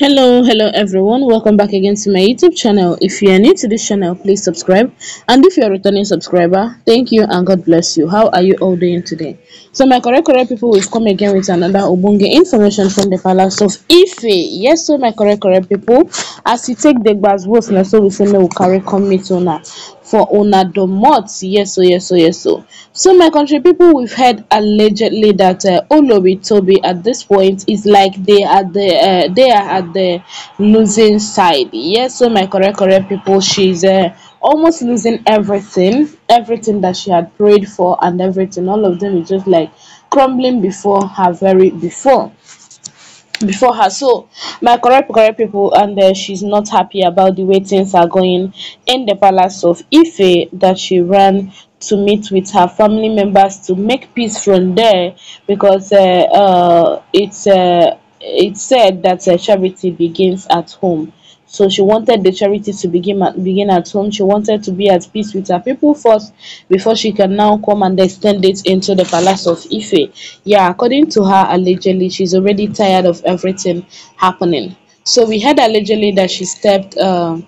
hello hello everyone welcome back again to my youtube channel if you are new to this channel please subscribe and if you are a returning subscriber thank you and god bless you how are you all doing today so my correct correct people we've come again with another obunge information from the palace of ife yes so my correct correct people as you take the buzz vote now so we say we carry come meet now for una domot yes so oh, yes so oh, yes so oh. so my country people we've heard allegedly that uh, olobi toby at this point is like they are the uh, they are at the losing side yes so my correct correct people she's uh, almost losing everything everything that she had prayed for and everything all of them is just like crumbling before her very before before her so my correct correct people and uh, she's not happy about the way things are going in the palace of ife that she ran to meet with her family members to make peace from there because uh, uh, it's uh, it said that uh, charity begins at home so she wanted the charity to begin at, begin at home. She wanted to be at peace with her people first before she can now come and extend it into the palace of Ife. Yeah, according to her, allegedly, she's already tired of everything happening. So we heard allegedly that she stepped... Uh,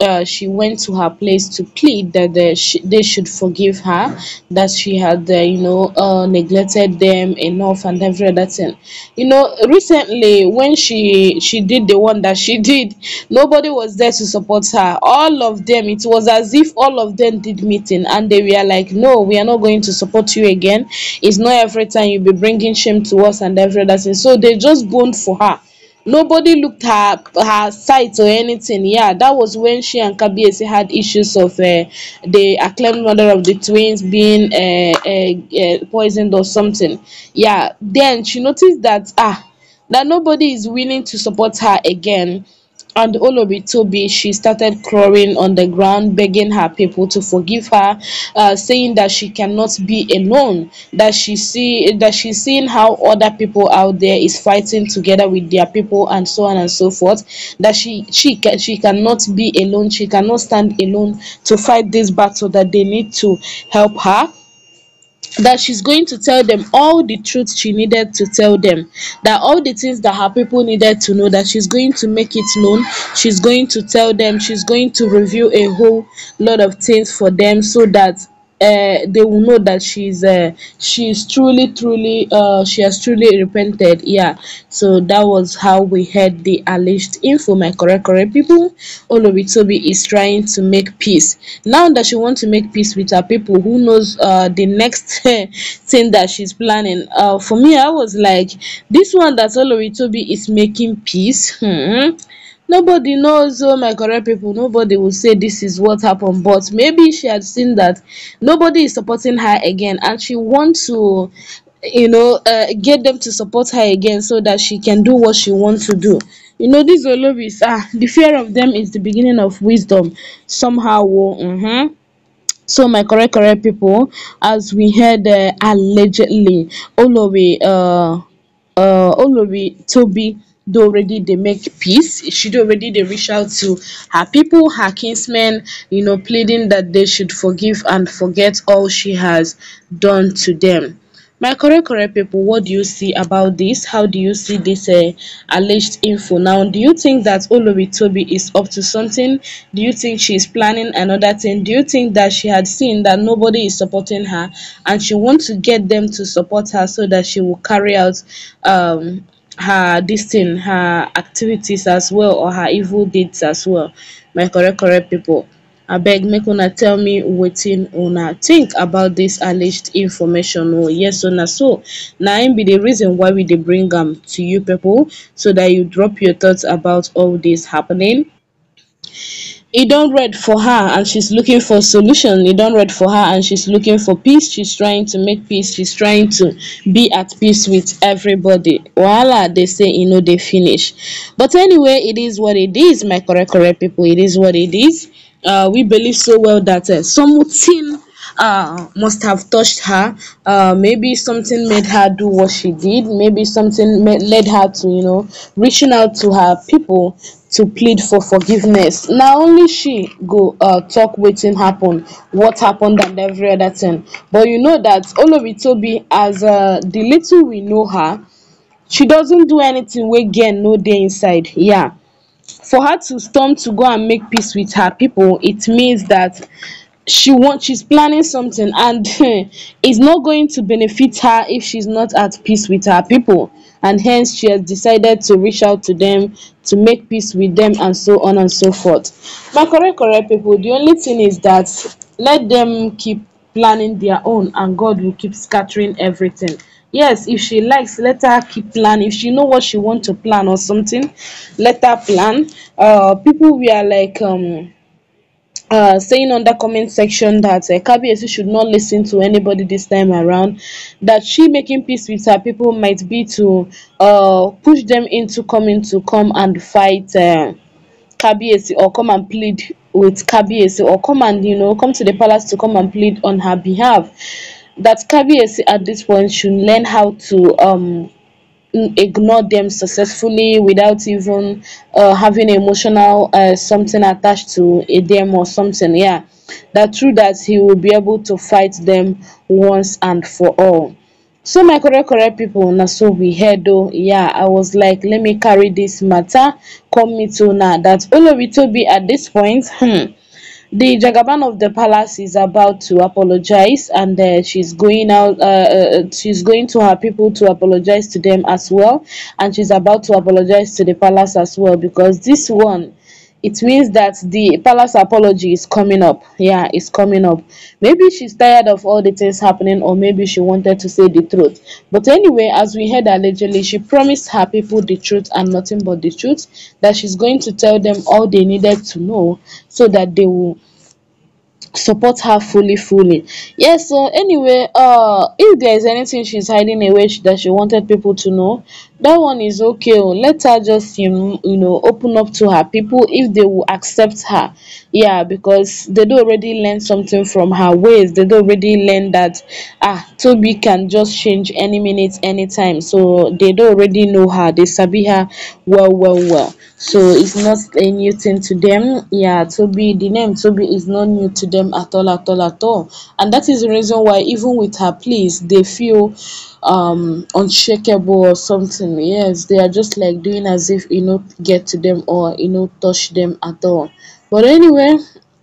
uh, she went to her place to plead that they, they should forgive her, that she had, uh, you know, uh, neglected them enough and every other thing. You know, recently when she she did the one that she did, nobody was there to support her. All of them, it was as if all of them did meeting and they were like, no, we are not going to support you again. It's not every time you be bringing shame to us and every other thing. So they just boned for her nobody looked her her sight or anything yeah that was when she and kbs had issues of uh, the acclaimed mother of the twins being uh, uh, uh, poisoned or something yeah then she noticed that ah that nobody is willing to support her again and Olobitobi, she started crawling on the ground, begging her people to forgive her, uh, saying that she cannot be alone, that she see that she's seeing how other people out there is fighting together with their people and so on and so forth, that she she can, she cannot be alone, she cannot stand alone to fight this battle, that they need to help her that she's going to tell them all the truth she needed to tell them that all the things that her people needed to know that she's going to make it known she's going to tell them she's going to reveal a whole lot of things for them so that uh, they will know that she's uh, she's truly truly uh, she has truly repented yeah so that was how we had the alleged info my correct correct people olobitobi is trying to make peace now that she wants to make peace with her people who knows uh, the next thing that she's planning uh, for me i was like this one that olobitobi is making peace hmm, nobody knows oh my correct people nobody will say this is what happened but maybe she had seen that nobody is supporting her again and she wants to you know uh, get them to support her again so that she can do what she wants to do you know these olobis ah the fear of them is the beginning of wisdom somehow oh, mm -hmm. So my correct correct people, as we heard uh, allegedly, Olobi uh uh Olobi Toby do already they make peace she already they reach out to her people her kinsmen you know pleading that they should forgive and forget all she has done to them my correct correct people what do you see about this how do you see this uh, alleged info now do you think that olori toby is up to something do you think she is planning another thing do you think that she had seen that nobody is supporting her and she wants to get them to support her so that she will carry out um her this thing her activities as well or her evil deeds as well my correct correct people I abeg make una tell me or una think about this alleged information oh, or yes o so now, be the reason why we dey bring them to you people, so that you drop your thoughts about all this happening it don't read for her and she's looking for solution it don't read for her and she's looking for peace she's trying to make peace she's trying to be at peace with everybody voila they say you know they finish but anyway it is what it is my correct correct people it is what it is uh we believe so well that uh, team uh, must have touched her. Uh, maybe something made her do what she did. Maybe something led her to, you know, reaching out to her people to plead for forgiveness. Now only she go uh, talk waiting happen, what happened and every other thing. But you know that be as uh, the little we know her, she doesn't do anything we get no day inside. Yeah. For her to storm to go and make peace with her people, it means that she wants she's planning something and it's not going to benefit her if she's not at peace with her people and hence she has decided to reach out to them to make peace with them and so on and so forth my correct correct people the only thing is that let them keep planning their own and god will keep scattering everything yes if she likes let her keep plan if she know what she want to plan or something let her plan uh people we are like um uh, saying on the comment section that uh, should not listen to anybody this time around, that she making peace with her people might be to uh, push them into coming to come and fight uh, or come and plead with KBS or come and, you know, come to the palace to come and plead on her behalf. That KBS at this point should learn how to um, Ignore them successfully without even uh, having emotional uh, something attached to uh, them or something yeah that through that he will be able to fight them once and for all so my correct correct people na so we heard though. yeah i was like let me carry this matter come me to now that all of it will be at this point hmm, the Jagaban of the palace is about to apologize, and uh, she's going out. Uh, uh, uh, she's going to her people to apologize to them as well, and she's about to apologize to the palace as well because this one it means that the palace apology is coming up yeah it's coming up maybe she's tired of all the things happening or maybe she wanted to say the truth but anyway as we heard allegedly she promised her people the truth and nothing but the truth that she's going to tell them all they needed to know so that they will support her fully fully yes so anyway uh if there is anything she's hiding away that she wanted people to know that one is okay oh. let her just you know, you know open up to her people if they will accept her yeah because they do already learn something from her ways they do already learn that ah toby can just change any minute anytime so they do already know her they sabi her well well well so it's not a new thing to them yeah toby the name toby is not new to them at all at all at all and that is the reason why even with her please they feel um unshakable or something yes they are just like doing as if you know get to them or you know touch them at all but anyway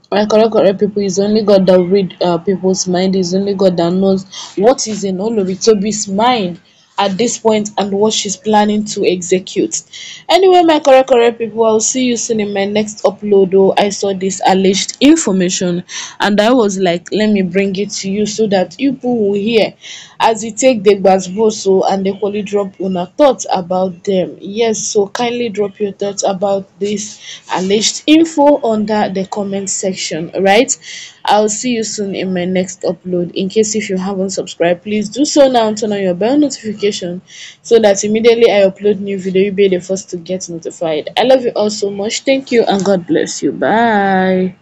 my correct correct people is only god that read uh, people's mind is only god that knows what is in all it toby's mind at this point and what she's planning to execute. Anyway, my correct correct people, I'll see you soon in my next upload. Oh, I saw this alleged information and I was like, let me bring it to you so that you people will hear as you take the basboso oh, and the holy drop on a thoughts about them. Yes, so kindly drop your thoughts about this alleged info under the comment section. Right? I'll see you soon in my next upload. In case if you haven't subscribed, please do so now and turn on your bell notification notification so that immediately I upload new video, you'll be the first to get notified. I love you all so much. Thank you and God bless you. Bye.